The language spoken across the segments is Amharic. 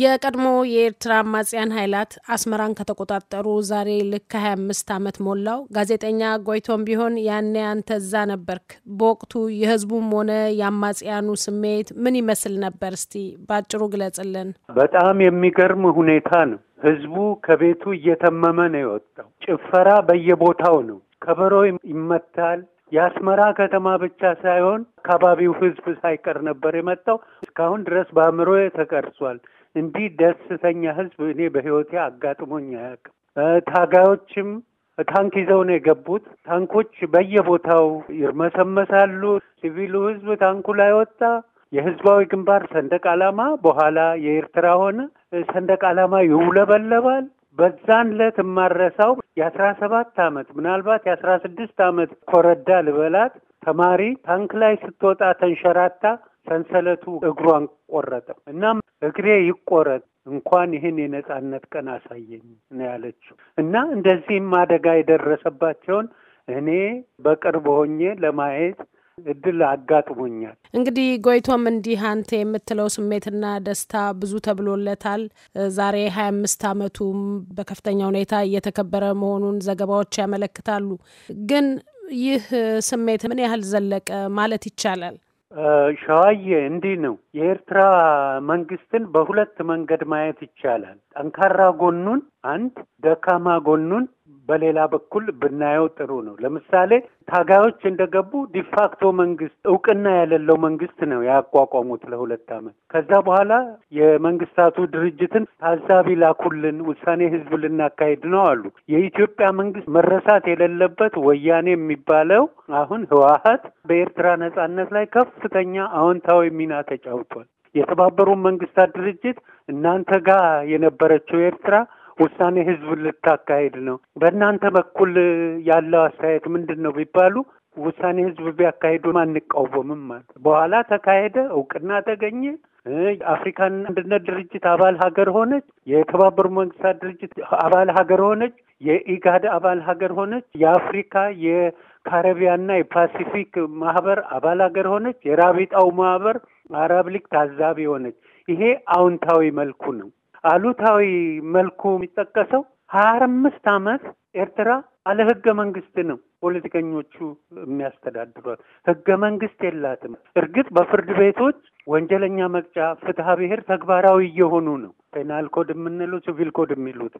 የቀድሞ የኤርትራ አማጽያን ኃይላት አስመራን ከተቆጣጠሩ ዛሬ ልክ 25 ዓመት ሞላው። ጋዜጠኛ ጎይቶም ቢሆን ያኔ አንተ እዛ ነበርክ። በወቅቱ የህዝቡም ሆነ የአማጽያኑ ስሜት ምን ይመስል ነበር? እስቲ በአጭሩ ግለጽልን። በጣም የሚገርም ሁኔታ ነው። ህዝቡ ከቤቱ እየተመመ ነው የወጣው። ጭፈራ በየቦታው ነው፣ ከበሮ ይመታል። የአስመራ ከተማ ብቻ ሳይሆን አካባቢው ህዝብ ሳይቀር ነበር የመጣው። እስካሁን ድረስ በአእምሮ ተቀርጿል። እንዲህ ደስተኛ ህዝብ እኔ በህይወቴ አጋጥሞኝ አያውቅም። ታጋዮችም ታንክ ይዘው ነው የገቡት። ታንኮች በየቦታው ይርመሰመሳሉ። ሲቪሉ ህዝብ ታንኩ ላይ ወጣ። የህዝባዊ ግንባር ሰንደቅ ዓላማ በኋላ የኤርትራ ሆነ ሰንደቅ ዓላማ ይውለበለባል። በዛን ዕለት የማረሳው የአስራ ሰባት አመት ምናልባት የአስራ ስድስት አመት ኮረዳ ልበላት ተማሪ ታንክ ላይ ስትወጣ ተንሸራታ ሰንሰለቱ እግሯን ቆረጠ። እናም እግሬ ይቆረጥ እንኳን ይህን የነጻነት ቀን አሳየኝ ነው ያለችው። እና እንደዚህም አደጋ የደረሰባቸውን እኔ በቅርብ ሆኜ ለማየት እድል አጋጥሞኛል። እንግዲህ ጎይቶም እንዲህ አንተ የምትለው ስሜትና ደስታ ብዙ ተብሎለታል። ዛሬ ሀያ አምስት አመቱም በከፍተኛ ሁኔታ እየተከበረ መሆኑን ዘገባዎች ያመለክታሉ። ግን ይህ ስሜት ምን ያህል ዘለቀ ማለት ይቻላል? ሸዋዬ እንዲህ ነው። የኤርትራ መንግስትን በሁለት መንገድ ማየት ይቻላል። ጠንካራ ጎኑን አንድ፣ ደካማ ጎኑን በሌላ በኩል ብናየው ጥሩ ነው። ለምሳሌ ታጋዮች እንደገቡ ዲፋክቶ መንግስት እውቅና የሌለው መንግስት ነው ያቋቋሙት ለሁለት ዓመት። ከዛ በኋላ የመንግስታቱ ድርጅትን ታዛቢ ላኩልን፣ ውሳኔ ህዝብ ልናካሄድ ነው አሉ። የኢትዮጵያ መንግስት መረሳት የሌለበት ወያኔ የሚባለው አሁን ህወሀት በኤርትራ ነጻነት ላይ ከፍተኛ አዎንታዊ ሚና ተጫውቷል። የተባበሩት መንግስታት ድርጅት እናንተ ጋር የነበረችው ኤርትራ ውሳኔ ህዝብ ልታካሄድ ነው። በእናንተ በኩል ያለው አስተያየት ምንድን ነው ቢባሉ ውሳኔ ህዝብ ቢያካሄዱ አንቃወምም ማለት። በኋላ ተካሄደ፣ እውቅና ተገኘ፣ አፍሪካን አንድነት ድርጅት አባል ሀገር ሆነች፣ የተባበሩ መንግስታት ድርጅት አባል ሀገር ሆነች፣ የኢጋድ አባል ሀገር ሆነች፣ የአፍሪካ የካረቢያና የፓሲፊክ ማህበር አባል ሀገር ሆነች፣ የራቢጣው ማህበር አረብ ሊግ ታዛቢ ሆነች። ይሄ አዎንታዊ መልኩ ነው። አሉታዊ መልኩ የሚጠቀሰው ሀያ አምስት አመት ኤርትራ አለ ህገ መንግስት ነው ፖለቲከኞቹ የሚያስተዳድሯት። ህገ መንግስት የላትም። እርግጥ በፍርድ ቤቶች ወንጀለኛ መቅጫ ፍትሐ ብሔር ተግባራዊ እየሆኑ ነው። ፔናል ኮድ የምንለው ሲቪል ኮድ የሚሉት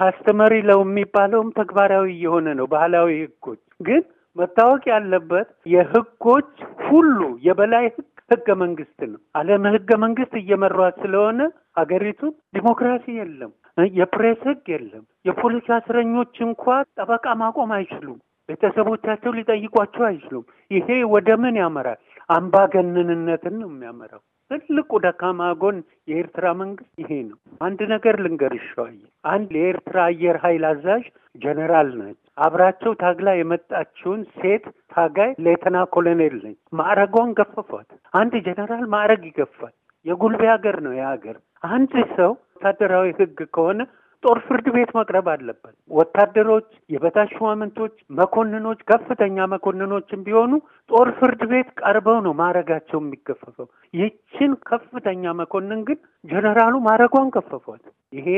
ካስተመሪ ለው የሚባለውም ተግባራዊ እየሆነ ነው። ባህላዊ ህጎች ግን መታወቅ ያለበት የህጎች ሁሉ የበላይ ህግ ህገ መንግስት ነው። ዓለም ህገ መንግስት እየመሯት ስለሆነ ሀገሪቱ ዲሞክራሲ የለም፣ የፕሬስ ህግ የለም። የፖለቲካ እስረኞች እንኳ ጠበቃ ማቆም አይችሉም። ቤተሰቦቻቸው ሊጠይቋቸው አይችሉም። ይሄ ወደ ምን ያመራል? አምባገነንነትን ነው የሚያመራው። ትልቁ ደካማ ጎን የኤርትራ መንግስት ይሄ ነው። አንድ ነገር ልንገር ሸዋዬ፣ አንድ የኤርትራ አየር ኃይል አዛዥ ጀነራል ነች። አብራቸው ታግላ የመጣችውን ሴት ታጋይ ሌተና ኮሎኔል ነች። ማዕረጓን ገፈፏት። አንድ ጀኔራል ማዕረግ ይገፋል። የጉልቤ ሀገር ነው የሀገር አንድ ሰው ወታደራዊ ህግ ከሆነ ጦር ፍርድ ቤት መቅረብ አለበት። ወታደሮች፣ የበታች ሹማምንቶች፣ መኮንኖች፣ ከፍተኛ መኮንኖችም ቢሆኑ ጦር ፍርድ ቤት ቀርበው ነው ማረጋቸው የሚገፈፈው። ይህችን ከፍተኛ መኮንን ግን ጀነራሉ ማረጓን ከፈፏል። ይሄ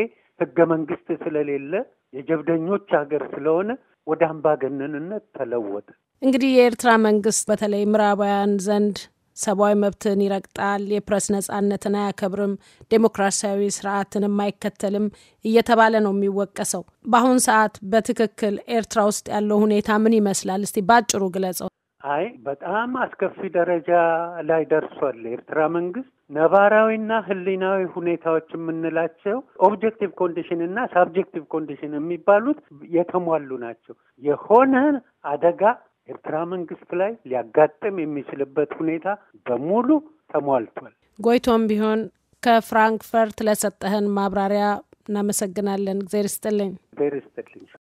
ህገ መንግስት ስለሌለ የጀብደኞች ሀገር ስለሆነ ወደ አምባገነንነት ተለወጠ። እንግዲህ የኤርትራ መንግስት በተለይ ምዕራባውያን ዘንድ ሰብአዊ መብትን ይረግጣል፣ የፕረስ ነጻነትን አያከብርም፣ ዴሞክራሲያዊ ስርዓትንም አይከተልም እየተባለ ነው የሚወቀሰው። በአሁን ሰዓት በትክክል ኤርትራ ውስጥ ያለው ሁኔታ ምን ይመስላል? እስቲ ባጭሩ ግለጸው። አይ በጣም አስከፊ ደረጃ ላይ ደርሷል። ኤርትራ መንግስት ነባራዊና ህሊናዊ ሁኔታዎች የምንላቸው ኦብጀክቲቭ ኮንዲሽን እና ሳብጀክቲቭ ኮንዲሽን የሚባሉት የተሟሉ ናቸው። የሆነ አደጋ ኤርትራ መንግስት ላይ ሊያጋጥም የሚችልበት ሁኔታ በሙሉ ተሟልቷል። ጎይቶም ቢሆን ከፍራንክፈርት ለሰጠህን ማብራሪያ እናመሰግናለን። እግዜር ይስጥልኝ። እግዜር ይስጥልኝ።